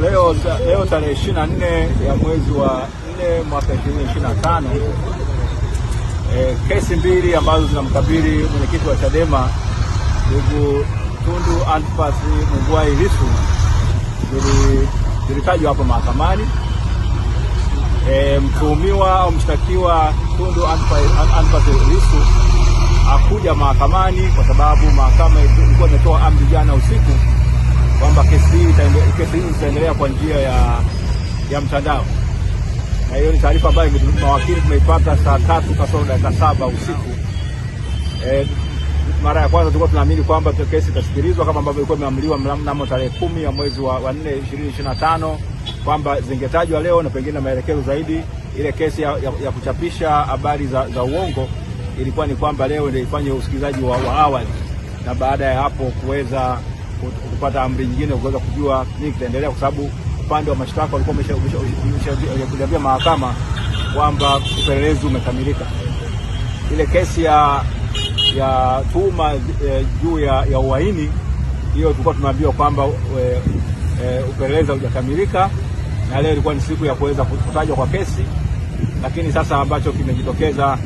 Leo, leo tarehe 24 ya mwezi wa 4 mwaka 2025, eh, kesi mbili ambazo zinamkabili mwenyekiti wa Chadema ndugu Tundu Antipas Mughwai Lissu zilitajwa hapo mahakamani. E, mtuhumiwa au mshtakiwa Tundu Antipas Lissu hakuja mahakamani kwa sababu mahakama ilikuwa imetoa amri jana usiku kwamba kesi hii itaendelea kwa njia ya, ya mtandao, na hiyo ni taarifa ambayo mawakili tumeipata saa tatu kasoro dakika saba usiku. E, mara ya kwanza tulikuwa tunaamini kwamba kesi itasikilizwa kama ambavyo ilikuwa imeamriwa mnamo tarehe kumi ya mwezi wa nne ishirini ishirini na tano kwamba zingetajwa leo na pengine maelekezo zaidi. Ile kesi ya, ya, ya kuchapisha habari za, za uongo ilikuwa ni kwamba leo ndio ifanye usikilizaji wa, wa awali na baada ya hapo kuweza kupata amri nyingine kuweza kujua nini kitaendelea, kwa sababu upande wa mashtaka walikuwa wameshaambia mahakama kwamba upelelezi umekamilika. Ile kesi ya ya tuhuma e, juu ya, ya uhaini hiyo tulikuwa tunaambiwa kwamba e, e, upelelezi haujakamilika, na leo ilikuwa ni siku ya kuweza kutajwa kwa kesi, lakini sasa ambacho kimejitokeza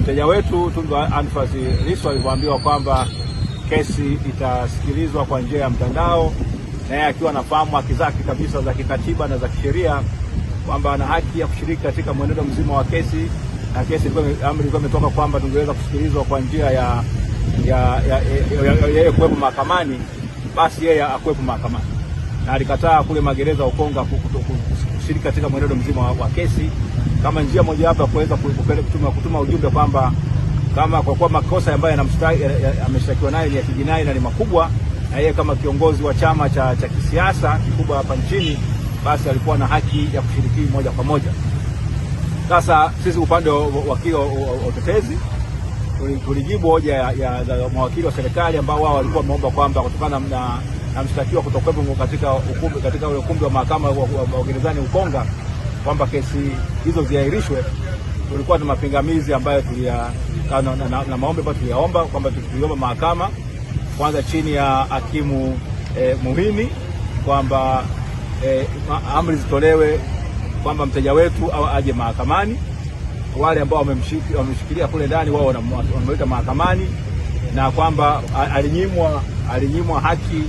mteja wetu Tundu Anfas Lissu alivyoambiwa kwamba kesi itasikilizwa kwa njia ya mtandao, naye akiwa anafahamu haki zake kabisa za kikatiba na za kisheria kwamba ana haki ya kushiriki katika mwenendo mzima wa kesi, na kesi amri ilikuwa imetoka kwamba tungeweza kusikilizwa kwa njia ya yeye kuwepo mahakamani, basi yeye akuwepo mahakamani, na alikataa kule magereza Ukonga kushiriki katika mwenendo mzima wa kesi kama njia mojawapo ya kuweza kutuma ujumbe kwamba kama kwa kuwa makosa ambayo ameshtakiwa nayo ni ya kijinai na ni makubwa, na yeye kama kiongozi wa chama cha, cha kisiasa kikubwa hapa nchini, basi alikuwa na haki ya kushiriki moja kwa moja. Sasa sisi upande wa utetezi tulijibu hoja ya, ya, mawakili wa serikali ambao wao walikuwa wameomba kwamba kutokana na, na mshtakiwa kutokuwepo katika ukumbi katika ule ukumbi wa mahakama wa gerezani Ukonga kwamba kesi hizo ziahirishwe. Tulikuwa na mapingamizi ambayo tulia na, na, na, na maombi ambayo tuliyaomba kwamba tuliomba mahakama kwanza chini ya hakimu eh, Muhini kwamba eh, amri zitolewe kwamba mteja wetu au aje mahakamani. Wale ambao wamemshikilia kule ndani wao wanamweka mahakamani, na kwamba alinyimwa alinyimwa haki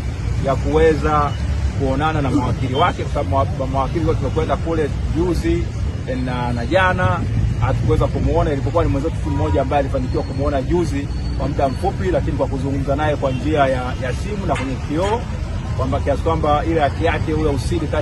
ya kuweza kuonana na mawakili wake, kwa sababu mawakili wote tumekwenda kule juzi eh, na, na jana hatukuweza kumuona, ilipokuwa ni mwenzetu tu mmoja ambaye alifanikiwa kumuona juzi kwa muda mfupi, lakini kwa kuzungumza naye kwa njia ya, ya simu na kwenye kioo kwamba kiasi kwamba ile haki yake huyo usiri